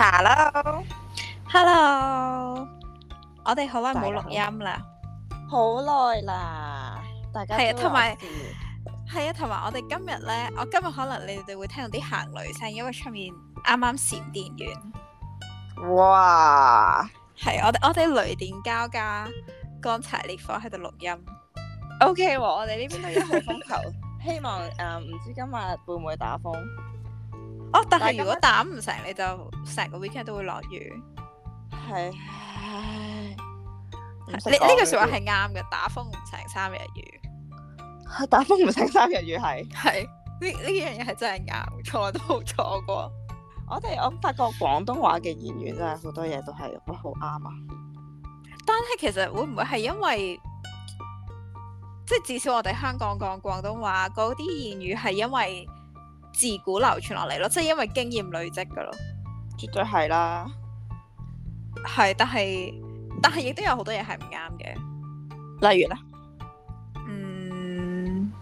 Hello，Hello，我哋好耐冇錄音啦，好耐啦，大家，係啊，同埋係啊，同埋我哋今日咧，我今日可能你哋會聽到啲行雷聲，因為出面啱啱閃電完。哇！係我哋我哋雷電交加，乾柴烈火喺度錄音。OK，我哋呢邊都一號風球，希望誒唔、um, 知今日會唔會打風。哦，但係如果打唔成，你就成個 weekend 都會落雨。係，唉說你呢句説話係啱嘅，打風唔成三日雨。打風唔成三日雨係。係，呢呢樣嘢係真係啱，錯都冇錯過。 我哋我發覺廣東話嘅言語真係好多嘢都係好啱啊！但係其實會唔會係因為，即係至少我哋香港講廣東話嗰啲言語係因為。自古流傳落嚟，咯，即係因為經驗累積噶咯，絕對係啦，係，但係但係亦都有好多嘢係唔啱嘅，例如咧，嗯，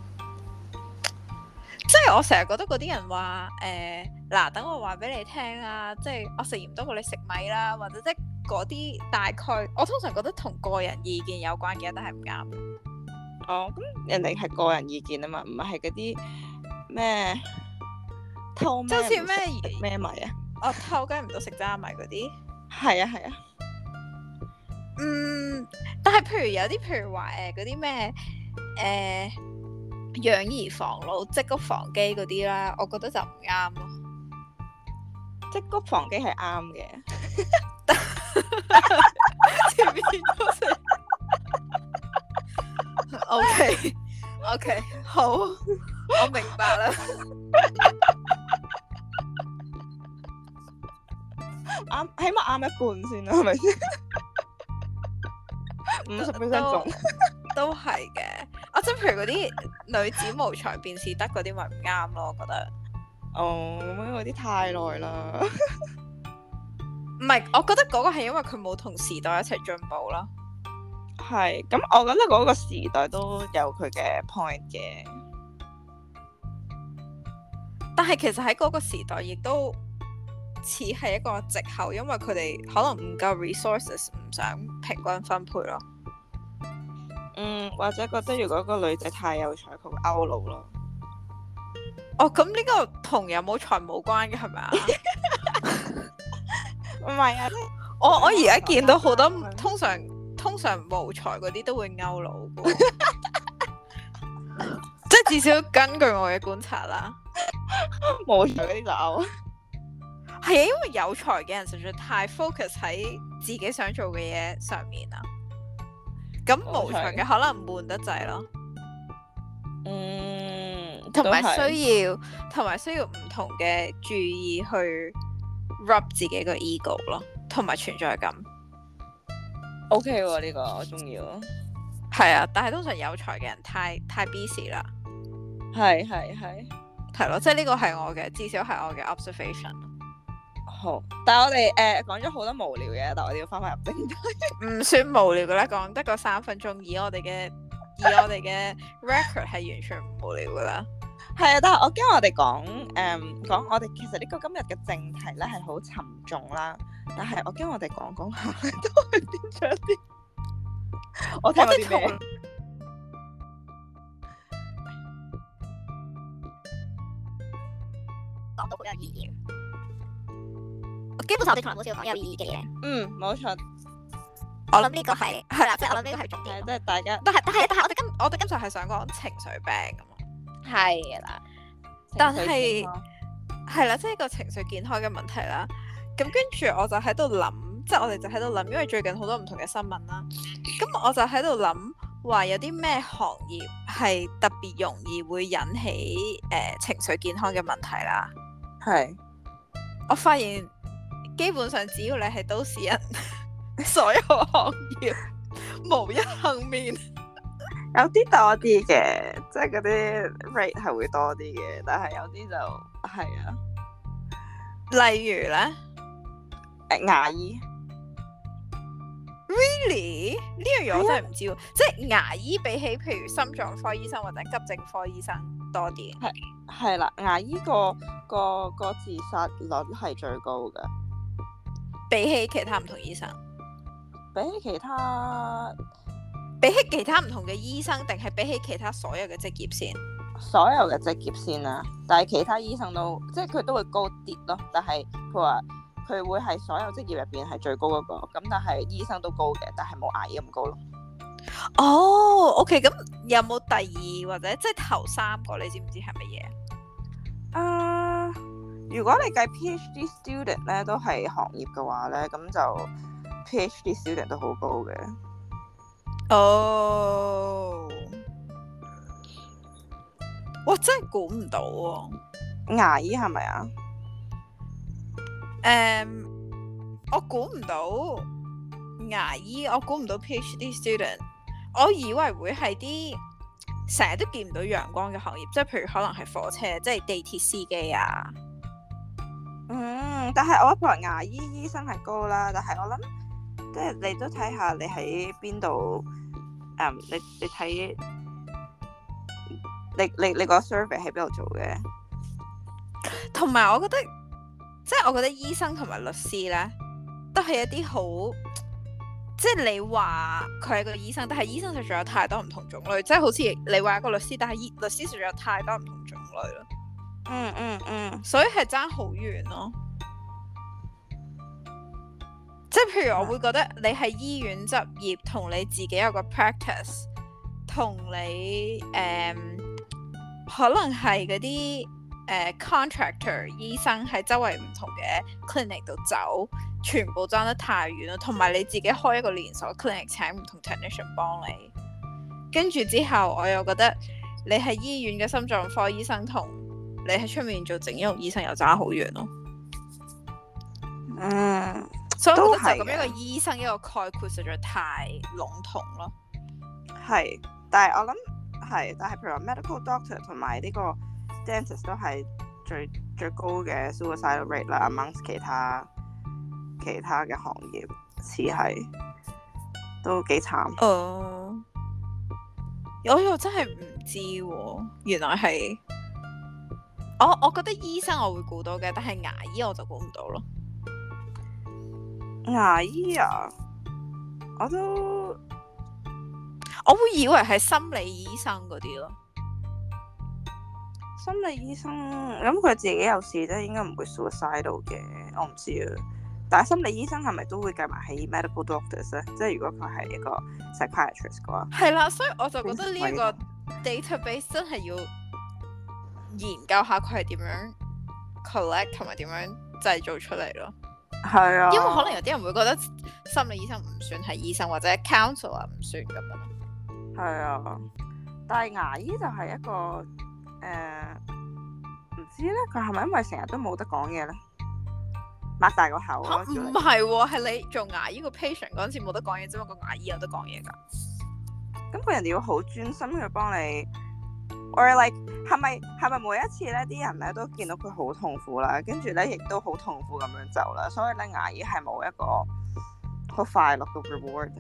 即係我成日覺得嗰啲人話，誒、欸，嗱，等我話俾你聽啊，即係我食鹽多過你食米啦，或者即係嗰啲大概，我通常覺得同個人意見有關嘅，都係唔啱。哦，咁人哋係個人意見啊嘛，唔係嗰啲咩？透即似咩？食咩、 哦、米 啊？我偷雞唔到蝕揸米嗰啲。係啊，係啊。嗯，但係譬如有啲譬如話，誒，嗰啲咩，誒，養兒防老積穀防飢嗰啲啦，我覺得就唔啱咯。積穀防飢係啱嘅。 前面 O K O K，好， 我明白了。啱，起碼啱一半先啦，係咪先？五十 percent 都係嘅。啊，即係 譬如嗰啲女子無才便是德嗰啲，咪唔啱咯？我覺得。哦、oh，因為嗰啲太耐啦。唔係，我覺得嗰個係因為佢冇同時代一齊進步啦。係， 咁我覺得嗰個時代都有佢嘅 point 嘅。但係其實喺嗰個時代，亦都。似係一個借口，因為佢哋可能唔夠 resources，唔想平均分配咯。嗯，或者覺得如果個女仔太有才，佢會勾佬咯。哦，咁、嗯、呢個同有冇才冇關嘅係咪啊？唔係啊，我我而家見到好多通常通常無才嗰啲都會勾佬，即係至少根據我嘅觀察啦， 無才啲就勾。係啊，因為有才嘅人實在太 focus 喺自己想做嘅嘢上面啦。咁無常嘅可能悶得滯咯。嗯，同埋需要，同埋是需要唔同嘅注意去 rub 自己個 ego 咯，同埋存在感。OK，呢個我中意。係啊，但係通常有才嘅人太太 busy 啦。係係係係咯，即係呢個係我嘅，至少係我嘅 observation。但係我哋誒講咗好多無聊嘢，但係我哋要翻翻入正題。唔算無聊嘅啦，講得個三分鐘，以我哋嘅 以我哋嘅 record 係完全唔無聊噶啦。係啊， 但係我驚我哋講誒講我哋其實呢個今日嘅正題咧係好沉重啦。但係我驚我哋講講下都係變咗啲， 我聽唔到。講到好有意義。基本上我哋從來冇少講有意義嘅嘢。嗯，冇錯。我諗呢個係係啦，即係我諗呢個係重點。即係大家，但係但係但係我哋今我哋今集係想講情緒病咁啊。係啦，但係係啦，即係個情緒健康嘅問題啦。咁跟住我就喺度諗，即係我哋就喺度諗，因為最近好多唔同嘅新聞啦。咁我就喺度諗，話有啲咩行業係特別容易會引起呃情緒健康嘅問題啦。係，我發現。基本上只要你係都市人，所有行業無一幸免。 有啲多啲嘅，即係嗰啲 rate 係會多啲嘅，但係有啲就係啊。例如咧，牙醫，really 呢樣嘢我真係唔知。 即係牙醫比起譬如心臟科醫生或者急症科醫生多啲，係係啦，牙醫個個個自殺率係最高嘅。比起其他唔同醫生，比起其他，比起其他唔同嘅醫生，定係比起其他所有嘅職業先，所有嘅職業先啦，啊。但係其他醫生都，即係佢都會高啲咯。但係佢話佢會係所有職業入邊係最高嗰個。咁但係醫生都高嘅，但係冇矮咁高咯。哦、oh，OK，咁有冇第二或者即係頭三個你知唔知係乜嘢？啊、uh,！如果你計 PhD student 咧，都係行業嘅話咧，咁就 PhD student 都好高嘅。哦、oh，我真係估唔到、啊、牙醫係咪啊？誒，um，我估唔到牙醫，我估唔到 PhD student。我以為會係啲成日都見唔到陽光嘅行業，即係譬如可能係火車，即係地鐵司機啊。.嗯，但係我阿婆牙醫醫生係高啦，但係我諗，即係你都睇下你喺邊度，誒、嗯，你你睇，你你你，你個 service 喺邊度做嘅？同埋我覺得，即係我覺得醫生同埋律師咧，都係一啲好，即係你話佢係個醫生，但係醫生實在有太多唔同種類，即、就、係、是、好似你話一個律師，但係律師實在有太多唔同種類啦。嗯嗯嗯，嗯嗯所以係爭好遠咯。即係譬如，我會覺得你喺醫院執業，同你自己有個 practice，同你誒、嗯，可能係嗰啲誒 contractor 醫生喺周圍唔同嘅 clinic 度走，全部爭得太遠啦。同埋你自己開一個連鎖 clinic，請唔同 technician 幫你跟住之後，我又覺得你喺醫院嘅心臟科醫生同。你喺出面做整容醫生又差好遠咯，嗯，所以好多就咁樣一個醫生一個概括實在太籠統咯。係，但係我諗係，但係譬如話 medical doctor 同埋呢個 dentist 都係最最高嘅 suicide rate 啦，amongst 其他其他嘅行業，似係都幾慘。哦、呃，我又真係唔知喎，原來係。我我覺得醫生我會估到嘅，但係牙醫我就估唔到咯。牙醫啊，我都我會以為係心理醫生嗰啲咯。心理醫生咁佢自己有事，啫，係應該唔會 suicide 到嘅，我唔知啊。但係心理醫生係咪都會計埋喺 medical doctors 咧？即係如果佢係一個 psychiatrist 嘅話，係啦，所以我就覺得呢一個 database 真係要研究下佢係點樣 collect 同埋點樣製造出嚟咯，係啊，因為可能有啲人會覺得心理醫生唔算係醫生或者 counsel 啊唔算咁樣，係啊，但係牙醫就係一個誒唔、呃、知咧，佢係咪因為成日都冇得講嘢咧？擘大個口唔係喎，係、啊啊嗯、你做牙醫 patient 個 patient 嗰陣時冇得講嘢，只不過牙醫有得講嘢㗎。咁佢人哋要好專心去幫你。或者 like 係咪係咪每一次咧，啲人咧都見到佢好痛苦啦，跟住咧亦都好痛苦咁樣走啦，所以咧牙醫係冇一個好快樂嘅 reward。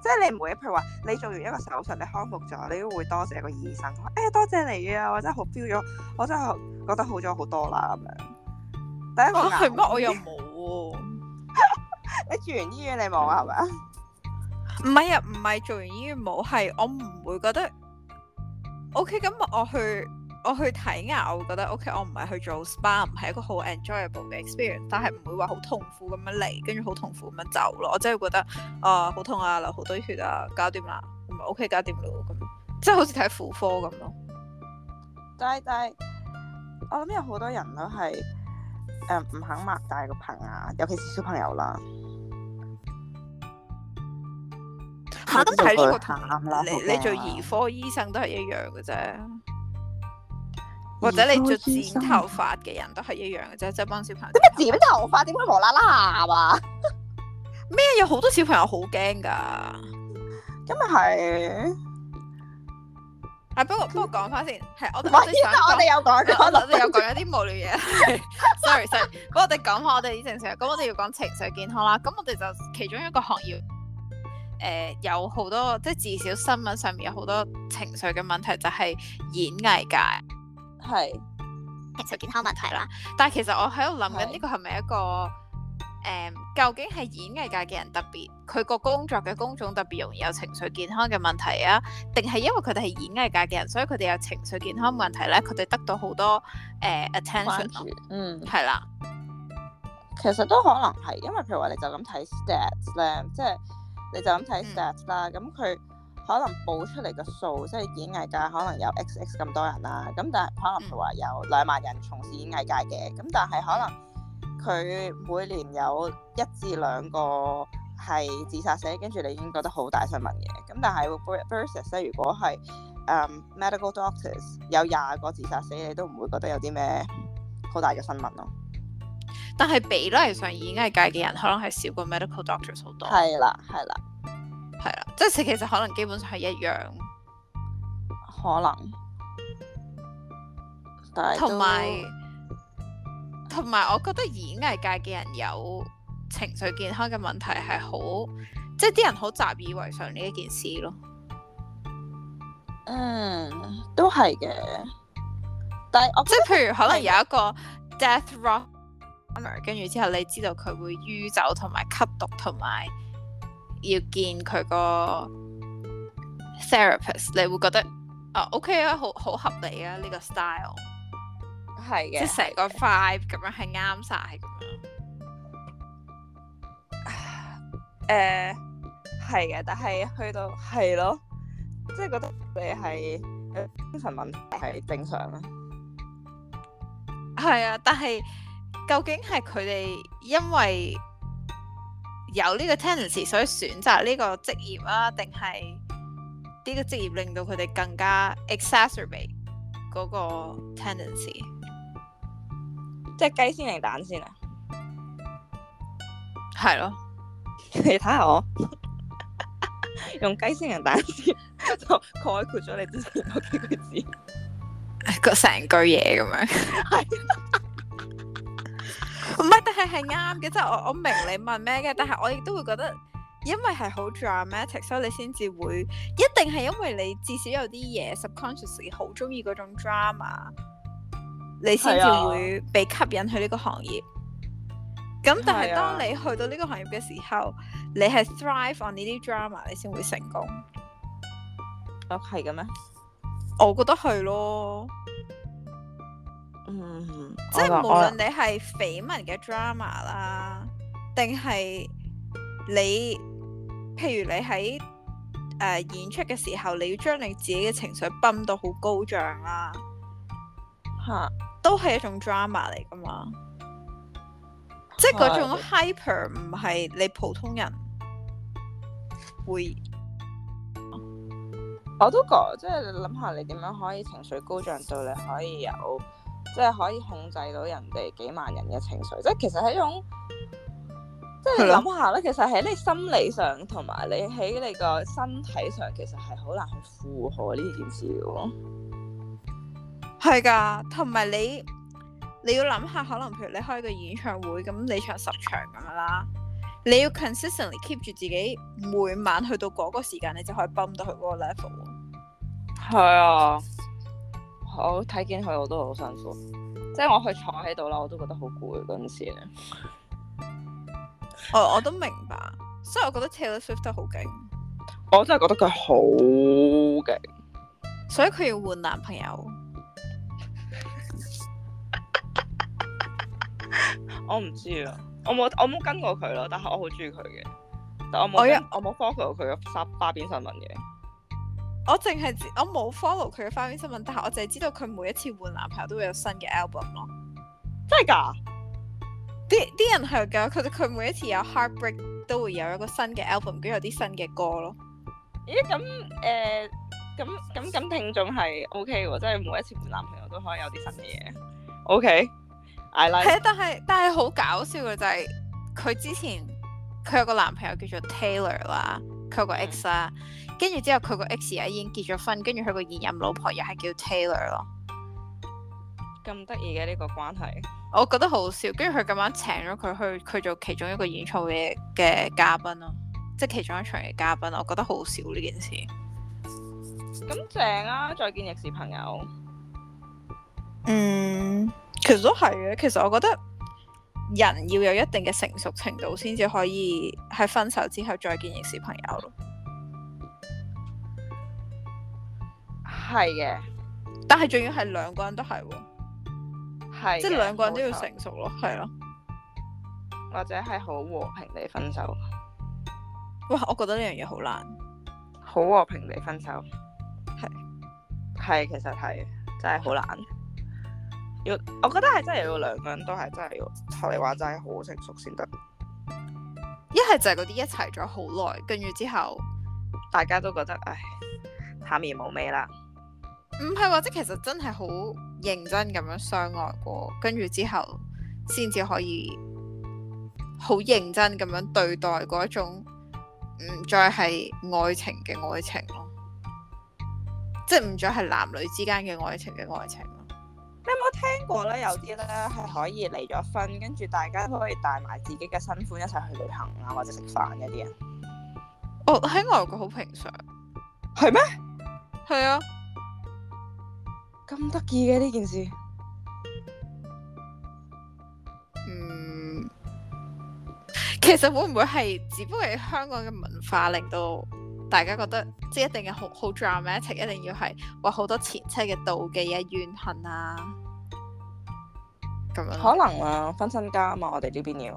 即係你唔會譬如話，你做完一個手術，你康復咗，你都會多謝個醫生。誒、欸，多謝你啊！或者好 feel 咗，我真係覺得好咗好多啦咁樣。第一個係乜？我又冇喎。 你住完醫院你冇係咪啊？唔係啊，唔係做完醫院冇，係我唔會覺得。O K，咁我去我去睇牙，我覺得 O K，我唔係去做 spa，唔係一個好 enjoyable 嘅 experience，但係唔會話好痛苦咁樣嚟，跟住好痛苦咁樣走咯。我真係覺得啊，好痛啊，流好多血啊，搞掂啦，唔係 O K，搞掂咯，咁即係好似睇婦科咁咯。但係但係，我諗有好多人都係誒唔肯擘大個朋友，尤其是小朋友啦。吓咁睇呢個，你你做兒科醫生都係一樣嘅啫，或者你做剪頭髮嘅人都係一樣嘅啫，即係幫小朋友。點解剪頭髮點解無啦啦啊？咩有好多小朋友好驚噶？咁咪係。啊，不過不過講翻先，係我哋我哋又講，我哋又講一啲無聊嘢。sorry，sorry，唔好我哋講下我哋以前成日咁我哋要講情緒健康啦。咁我哋就其中一個行業。誒、呃、有好多，即係至少新聞上面有好多情緒嘅問題，就係、是、演藝界係情緒健康問題啦。但係其實我喺度諗緊呢個係咪一個是、嗯、究竟係演藝界嘅人特別，佢個工作嘅工種特別容易有情緒健康嘅問題啊？定係因為佢哋係演藝界嘅人，所以佢哋有情緒健康問題呢？佢哋得到好多誒、呃、attention。嗯，係啦，其實都可能係，因為譬如話，你就咁睇 stats 咧，即係。你就咁睇 stats 啦，咁、嗯、佢、嗯嗯、可能報出嚟個數，即係演藝界可能有 X X 咁多人啦、啊，咁但係可能佢話有兩萬人從事演藝界嘅，咁但係可能佢每年有一至兩個係自殺死，跟住你已經覺得好大新聞嘅，咁但係 versus 咧，如果係誒、um, medical doctors 有廿個自殺死，你都唔會覺得有啲咩好大嘅新聞咯、啊。但係比例上，演藝界嘅人可能係少過 medical doctors 好多。係 啦，係啦，係啦，即係其實可能基本上係一樣，可能。同埋，同埋，我覺得演藝界嘅人有情緒健康嘅問題係好，即係啲人好習以為常呢一件事咯。嗯，都係嘅。但係我覺得，即係譬如可能有一個 death rock。跟住之後，你知道佢會酗酒同埋吸毒同埋要見佢個 therapist，你會覺得啊 OK 啊，okay，好好合理啊，呢、這個 style 係嘅，的即係成個 five 咁樣係啱晒，咁樣。誒的，係嘅、呃，但係去到係咯，即係、就是、覺得你係精神問題係正常啦。係啊，但係。究竟係佢哋因為有呢個 tendency，所以選擇呢個職業啊，定係呢個職業令到佢哋更加 exacerbate 嗰個 tendency？即係雞先定蛋先啊？係咯，你睇看下看我 用雞先人蛋先， 就概括咗你之前嗰幾個字， 個成句嘢咁樣。唔係，但係係啱嘅，即係我我明你問咩嘅，但係我亦都會覺得，因為係好 dramatic，所以你先至會，一定係因為你至少有啲嘢 subconsciously，好中意嗰種 drama，你先至會被吸引去呢個行業。咁是、啊、但係當你去到呢個行業嘅時候，是啊、你係 thrive on 呢啲 drama，你先會成功。哦，係嘅咩？我覺得係咯。嗯， 即係無論你係緋聞嘅 drama 啦，定係你，譬如你喺誒、呃、演出嘅時候，你要將你自己嘅情緒泵到好高漲啦、啊，吓哈 都係一種 drama 嚟㗎嘛，即係嗰種 hyper 唔係你普通人會，我都覺，即、就、係、是、你諗下你點樣可以情緒高漲到你可以有。即係可以控制到人哋幾萬人嘅情緒，即係其實係一種，即係你諗下咧， 其實喺你心理上同埋你喺你個身體上，其實係好難去負荷呢件事嘅喎。係噶，同埋你你要諗下，可能譬如你開個演唱會，咁你唱十場咁樣啦，你要 consistently keep 住自己每晚去到嗰個時間，你就可以泵到去嗰個 level。係啊。我睇見佢我都好辛苦，即係我去坐喺度啦，我都覺得好攰嗰陣時咧。我、哦、我都明白，所以我覺得 Taylor Swift 都好勁。我真係覺得佢好勁，所以佢要換男朋友。 我唔知啊，我冇我冇跟過佢咯，但係我好中意佢嘅，但我冇我冇 follow 佢嘅花邊新聞嘅。我淨係我冇 follow 佢嘅花邊新聞，但係我淨係知道佢每一次換男朋友都會有新嘅 album 咯。真係㗎？啲啲人係㗎，佢佢每一次有 heartbreak 都會有一個新嘅 album，跟住有啲新嘅歌咯。咦、欸？咁誒咁咁咁聽眾係 OK 喎，即係每一次換男朋友都可以有啲新嘅嘢。OK，I like。係啊，但係但係好搞笑嘅就係、是、佢之前佢有個男朋友叫做 Taylor 啦，佢有個 ex 啦、嗯。跟住之後，佢個 X 啊已經結咗婚，跟住佢個現任老婆又係叫 Taylor 咯。咁得意嘅呢個關係，我覺得好笑。跟住佢咁樣請咗佢去，佢做其中一個演唱會嘅嘉賓咯，即係其中一場嘅嘉賓。我覺得好笑呢件事。咁正啊！再見亦是朋友。嗯，其實都係嘅。其實我覺得人要有一定嘅成熟程度，先至可以喺分手之後再見亦是朋友咯。係嘅，但係仲要係兩個人都係，係的即係兩個人都要成熟咯，係咯錯，的或者係好和平地分手。哇，我覺得呢樣嘢好難，好和平地分手，係係其實係真係好難。要，我覺得係真係要兩個人都係真係要，學你話齋好成熟先得。一係就係嗰啲一齊咗好耐，跟住之後大家都覺得唉，淡而無味啦。唔係，或者其實真係好認真咁樣相愛過，跟住之後先至可以好認真咁樣對待嗰一種唔再係愛情嘅愛情咯，即係唔再係男女之間嘅愛情嘅愛情咯。你有冇聽過咧？有啲咧係可以離咗婚，跟住大家都可以帶埋自己嘅新歡一齊去旅行啊，或者食飯嗰啲人。哦，喺外國好平常，係咩嗎？係啊。咁得意嘅呢件事，嗯，其實會唔會係只不過係香港嘅文化令到大家覺得，即係一定係好好 dramatic 一定要係話好多前妻嘅妒忌啊、怨恨啊咁樣。可能啊，分身家嘛，我哋呢邊要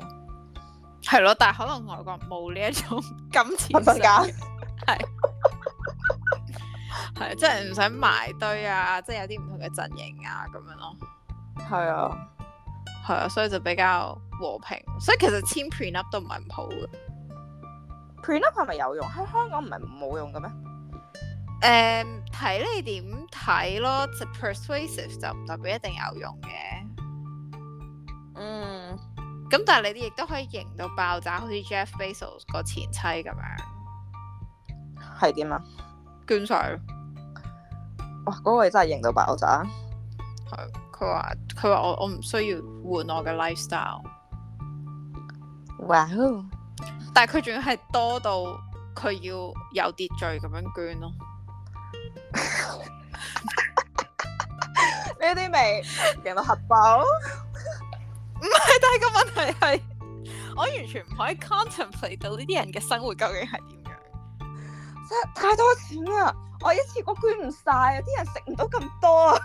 係咯，但係可能外國冇呢一種金錢時間。分身家是 即係唔想埋堆啊！即係有啲唔同嘅陣營啊，咁樣咯。係啊，係啊，所以就比較和平。所以其實簽 prenup 都唔係唔好嘅。prenup 係咪有用？喺香港唔係冇用嘅咩？誒，睇你點睇咯。即 persuasive 就唔代表一定有用嘅。嗯，咁但係你哋亦都可以贏到爆炸，好似 Jeff Bezos 個前妻咁樣。係點啊？捐晒。哇！嗰、那個真係型到爆炸。係、嗯，佢話佢話我我唔需要換我嘅 lifestyle。哇 Wow！但係佢仲要係多到佢要有秩序咁樣捐咯、啊。呢啲未型到核爆？唔 係，但係個問題係，我完全唔可以 contemplate 到呢啲人嘅生活究竟係點。太多錢啦！我一次我捐唔晒，啊！啲人食唔到咁多啊！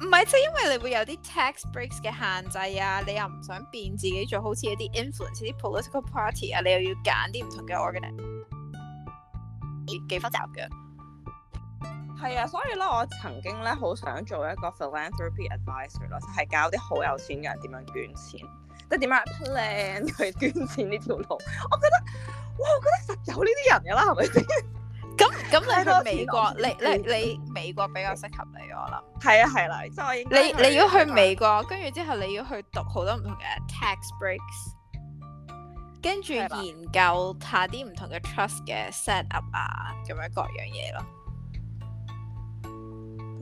唔係即係因為你會有啲 tax breaks 嘅限制啊，你又唔想變自己做好似一啲 influence 啲 political party 啊，你又要揀啲唔同嘅 organ，幾複雜嘅。係啊，所以咧，我曾經咧好想做一個 philanthropy advisor 咯，就係、是、教啲好有錢嘅人點樣捐錢，即係點樣、啊、plan 去捐錢呢條路。 我覺得，哇！我覺得實有呢啲人噶啦，係咪先？ 咁咁你去美國，你你你，你美國比較適合你我諗。係啊，係啦、啊，所以我你你要去美國，跟住 之後你要去讀好多唔同嘅 tax breaks，跟住研究下啲唔同嘅 trust 嘅 set up 啊，咁樣各樣嘢咯，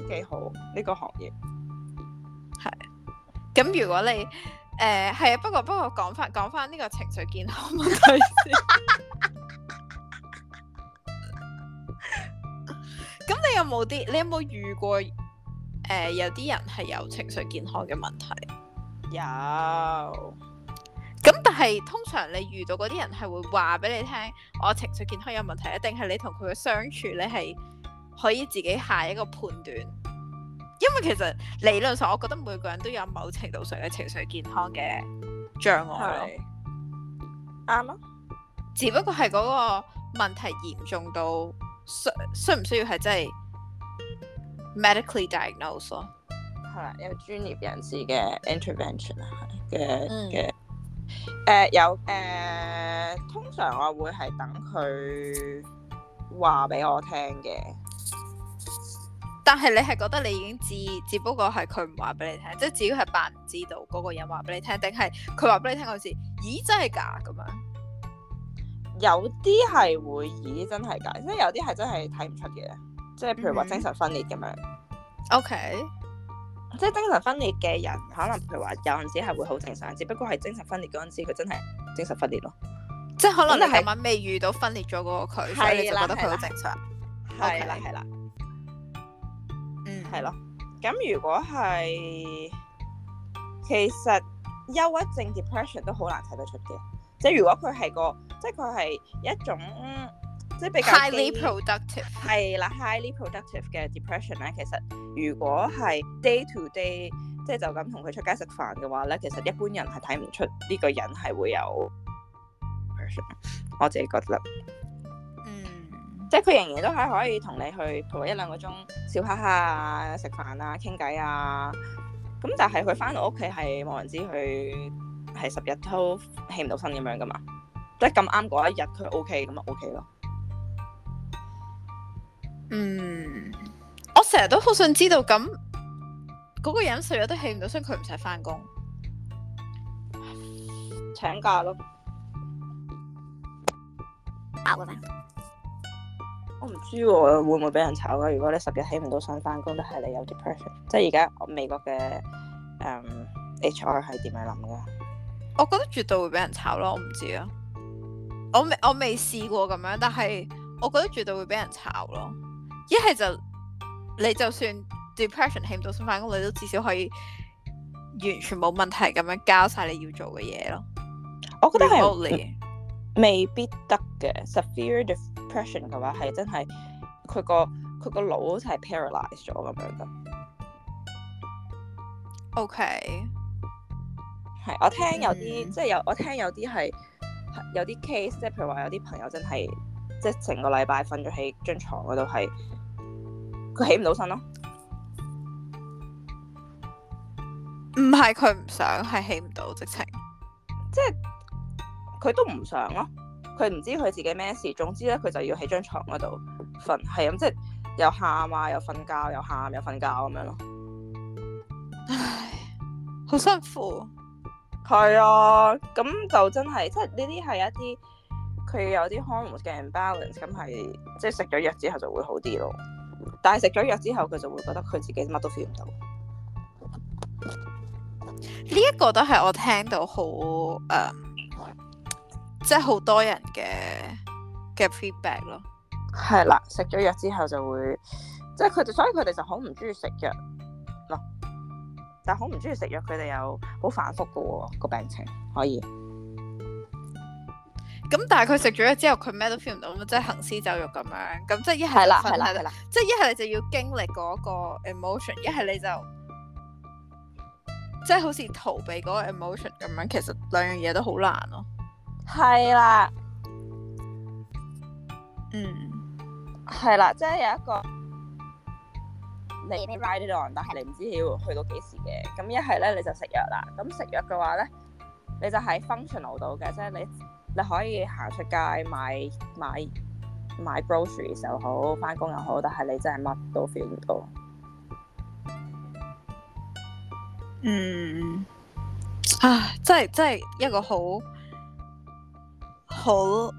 都幾好呢，呢個行業。係、啊。咁如果你誒係、呃、啊，不過不過講翻講翻呢個情緒健康問題先。 有冇啲？你有冇遇過誒、呃？有啲人係有情緒健康嘅問題。有。咁但係通常你遇到嗰啲人係會話俾你聽，我情緒健康有問題，定係你同佢嘅相處，你係可以自己下一個判斷。因為其實理論上，我覺得每個人都有某程度上嘅情緒健康嘅障礙。啱咯。是只不過係嗰個問題嚴重到需需唔需要係真係？medically diagnosed 係 oh 啦 yeah，有專業人士嘅 intervention 啊，嘅嘅，誒有誒，通常我會係等佢話俾我聽嘅。但係你係覺得你已經知，只不過係佢唔話俾你聽，即係只要係扮知道嗰個人話俾你聽，定係佢話俾你聽嗰時，咦真係假咁樣？有啲係會咦真係假，即係有啲係真係睇唔出嘅。即係譬如話精神分裂咁樣，OK。即係精神分裂嘅人，可能譬如話有陣時係會好正常，只不過係精神分裂嗰陣時，佢真係精神分裂咯。即係可能你係咪未遇到分裂咗嗰個佢，係所以你就覺得佢好正常？係啦係啦，Okay. 嗯，係咯。咁如果係，其實憂鬱症 depression 都好難睇得出嘅。即係如果佢係個，即係佢係一種。即係比較 highly productive 係啦，highly productive 嘅 depression 咧，其實如果係 day to day，即係就咁同佢出街食飯嘅話咧，其實一般人係睇唔出呢個人係會有 ression，我自己覺得，嗯，即係佢仍然都係可以同你去陪一兩個鐘笑哈哈啊、食飯啊、傾偈啊。咁但係佢翻到屋企係冇人知，佢係十日都起唔到身咁樣噶嘛。即係咁啱嗰一日佢 OK，咁就 OK 咯。嗯，我成日都好想知道，咁嗰個人十日都起唔到身，佢唔使翻工，請假咯？我唔知會唔會俾人炒噶？如果你十日起唔到身翻工，都係你有啲 depression。即係而家美國嘅、嗯、HR 係點樣諗噶？我覺得絕對會俾人炒咯，我唔知啊。我我未試過咁樣，但係我覺得絕對會俾人炒咯。一係就你就算 depression 起唔到心，翻工，你都至少可以完全冇問題咁樣交晒你要做嘅嘢咯。我覺得係 未必得嘅 ，severe depression 嘅話係真係佢個佢個腦係 paralyze 咗咁樣嘅。OK，係我聽有啲、嗯、即係有我聽有啲係有啲 case，即係譬如話有啲朋友真係即係成個禮拜瞓咗喺張床嗰度係。 佢起唔到身咯、啊，唔係佢唔想，係起唔到直情，即係佢都唔想咯、啊。佢唔知佢自己咩事，總之咧佢就要喺張床嗰度瞓，係咁即係又喊啊，又瞓覺，又喊又瞓覺咁樣咯。唉， 好辛苦。係啊，咁、啊、就真係即係呢啲係一啲佢有啲 homeostatic imbalance 咁係即係食咗藥之後就會好啲咯。但係食咗藥之後，佢就會覺得佢自己乜都 feel 唔到。呢一個都係我聽到好誒、呃，即係好多人嘅嘅 feedback 咯。係啦，食咗藥之後就會，即係佢哋，所以佢哋就好唔中意食藥咯。但係好唔中意食藥，佢哋又好反覆㗎喎，個病情可以。咁但係佢食咗藥之後，佢咩都 feel 唔到，即係行屍走肉咁樣。咁即係一係，係啦係啦係啦，即係一係你就要經歷嗰個 emotion，一係你就即係好似逃避嗰個 emotion 咁樣。其實兩樣嘢都好難咯、哦。係啦的，嗯，係啦，即係有一個你 ride the 浪但係你唔知你要去到幾時嘅。咁一係咧，你就食藥啦。咁食藥嘅話咧，你就喺 functional 度嘅，即係你。你可以行出街買買買 groceries 又好，返工又好，但係你真係乜都 feel 唔到。嗯，啊，真係真係一個好好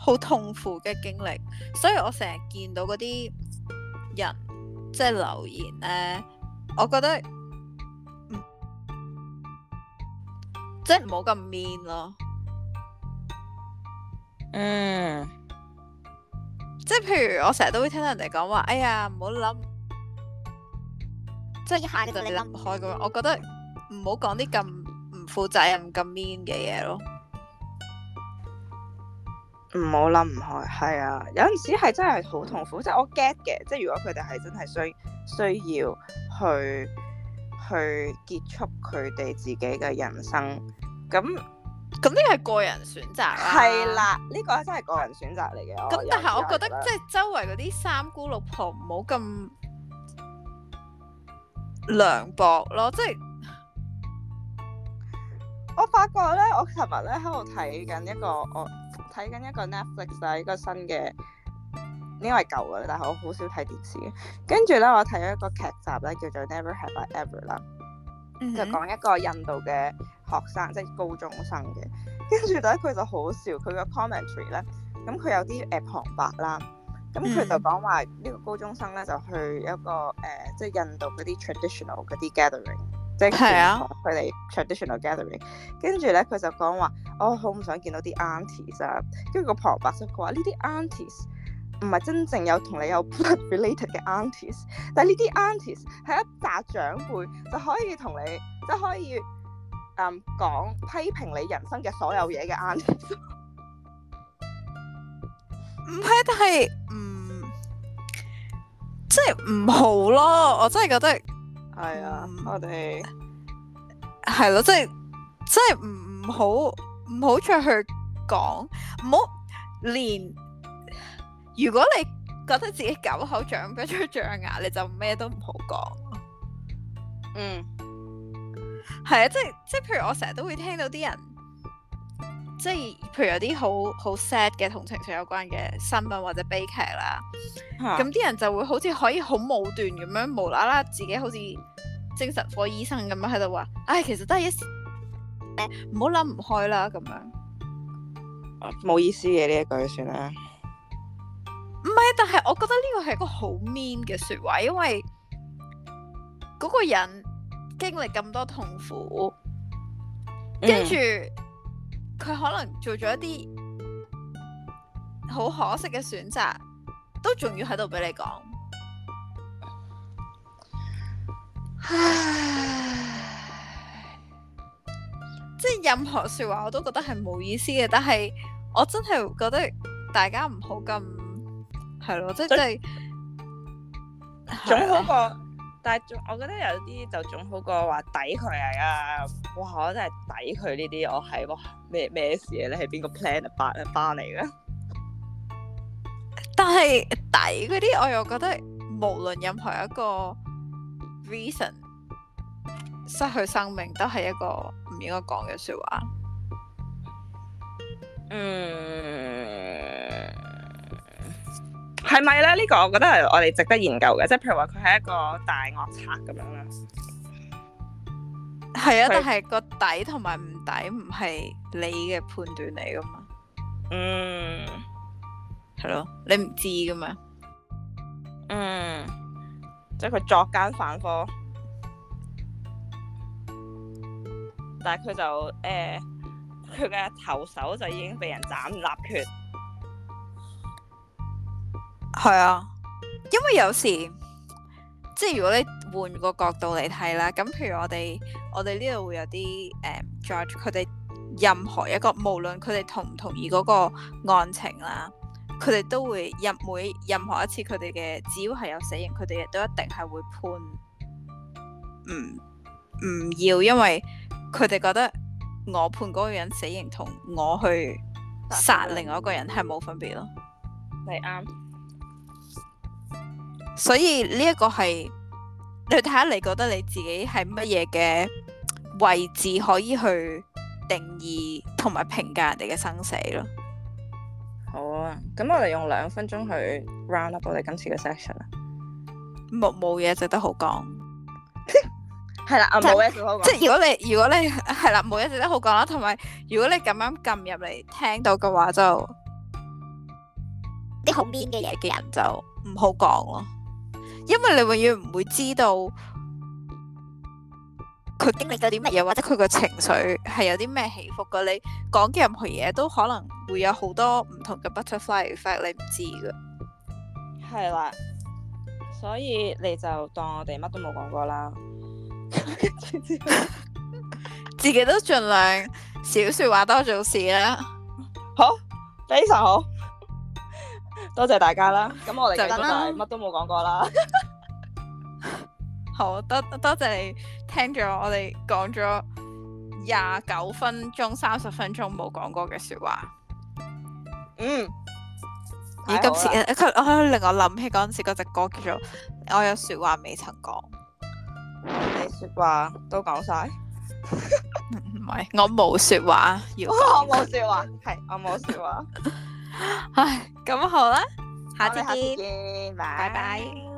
好痛苦嘅經歷，所以我成日見到嗰啲人即係留言咧，我覺得，嗯，即係唔好咁 mean 咯。嗯，即係譬如我成日都會聽到人哋講話，哎呀唔好諗，即係一下你諗唔開咁。嗯、我覺得唔好講啲咁唔負責任、咁 mean 嘅嘢咯。唔好諗唔開，係啊，有陣時係真係好痛苦。即係我 get 嘅，即係如果佢哋係真係需要需要去去結束佢哋自己嘅人生，咁。咁呢個係個人選擇啦，啊，係啦，呢、呢個真係個人選擇嚟嘅。咁但係我覺得即係周圍嗰啲三姑六婆唔好咁涼薄咯，即係我發覺咧，我尋日咧喺度睇緊一個、嗯、我睇緊一個 Netflix 就係，一個新嘅，呢個係舊嘅，但係我好少睇電視嘅。跟住咧，我睇咗一個劇集咧，叫做 Never Have I Ever 啦，嗯、哼就講一個印度嘅。學生即係高中生嘅，跟住咧佢就好笑。佢個 commentary 咧，咁佢有啲誒、呃、旁白啦。咁佢就講話呢個高中生咧就去一個誒、呃，即係印度嗰啲 traditional 嗰啲 gathering，、嗯、即係佢哋 traditional gathering。跟住咧佢就講話，我好唔想見到啲 aunties 啊。跟住個旁白就講話呢啲 aunties 唔係真正有同你有 blood related 嘅 aunties，但係呢啲 aunties 係一紮長輩就可以同你即係可以。講批評你人生嘅所有嘢嘅眼，唔、嗯、係，但係唔即係唔好咯。我真係覺得係啊、哎，我哋係咯，即係即係唔好唔好出去講，唔好連如果你覺得自己狗口長不出象牙，你就咩都唔好講。嗯。係啊，即係即係，譬如我成日都會聽到啲人，即係譬如有啲好好 sad 嘅同情緒有關嘅新聞或者悲劇啦，咁啲、啊、人就會好似可以好武斷咁樣無啦啦，自己好似精神科醫生咁樣喺度話，唉、哎，其實都係一咩，唔好諗唔開啦，咁樣，冇、啊、意思嘅、啊、呢一句算啦。唔係啊，但係我覺得呢個係一個好 mean 嘅說話，因為嗰個人。經歷咁多痛苦，跟住佢可能做咗一啲好可惜嘅選擇，都仲要喺度俾你講。 唉，即係任何說話我都覺得係冇意思嘅，但係我真係覺得大家唔好咁係咯，即係總嗰個。 但係，我覺得有啲就總好過話抵佢嚟啊！哇，我真係抵佢呢啲，我係哇咩咩事嘅咧？係邊個 plan 啊巴嚟嘅？但係抵嗰啲，我又覺得無論任何一個 reason，失去生命都係一個唔應該講嘅説話。嗯。係咪咧？係咪呢、呢個我覺得係我哋值得研究嘅，即係譬如話佢係一個大惡賊咁樣啦。係啊，他但係個底同埋唔底唔係你嘅判斷嚟噶嘛？嗯，係咯、啊，你唔知噶嘛？嗯，即係佢作奸犯科，但係佢就誒佢嘅頭手就已經被人斬立決。係啊，因為有時即係如果你換個角度嚟睇啦，咁譬如我哋我哋呢度會有啲誒，仲有佢哋任何一個，無論佢哋同唔同意嗰個案情啦，佢哋都會入每任何一次佢哋嘅，只要係有死刑，佢哋亦都一定係會判唔唔、嗯、要，因為佢哋覺得我判嗰個人死刑同我去殺另外一個人係冇分別咯，你啱。所以呢一個係你睇下，看看你覺得你自己係乜嘢嘅位置可以去定義同埋評價人哋嘅生死咯？好啊，咁我哋用兩分鐘去 round up 我哋今次嘅 session 啊！冇冇嘢值得好講，係啦、 嗯，冇嘢， 即係如果你如果你係啦，冇嘢 值得好講啦。同埋如果你咁啱撳入嚟聽到嘅話就，就啲好 mean 嘅嘢嘅人就唔好講咯。因為你永遠唔會知道佢經歷咗啲乜嘢，或者佢個情緒係有啲咩起伏㗎。 你講嘅任何嘢都可能會有好多唔同嘅 butterfly effect，你唔知㗎。係啦，所以你就當我哋乜都冇講過啦。 自己都盡量少說話多做事啦。好，非常好。多謝大家啦，咁我哋今日就係乜都冇講過啦。 好，多多謝你聽咗我哋講咗廿九分鐘、三十分鐘冇講過嘅說話。嗯，咦？今次咧，佢 令我諗起嗰陣時，嗰隻歌叫做《我有說話未曾講》。 你說話都講晒？唔 係、嗯，我冇說話要講，我冇說話，係、哦、我冇說話。 唉，咁好啦，下次見，下次見拜拜。拜拜。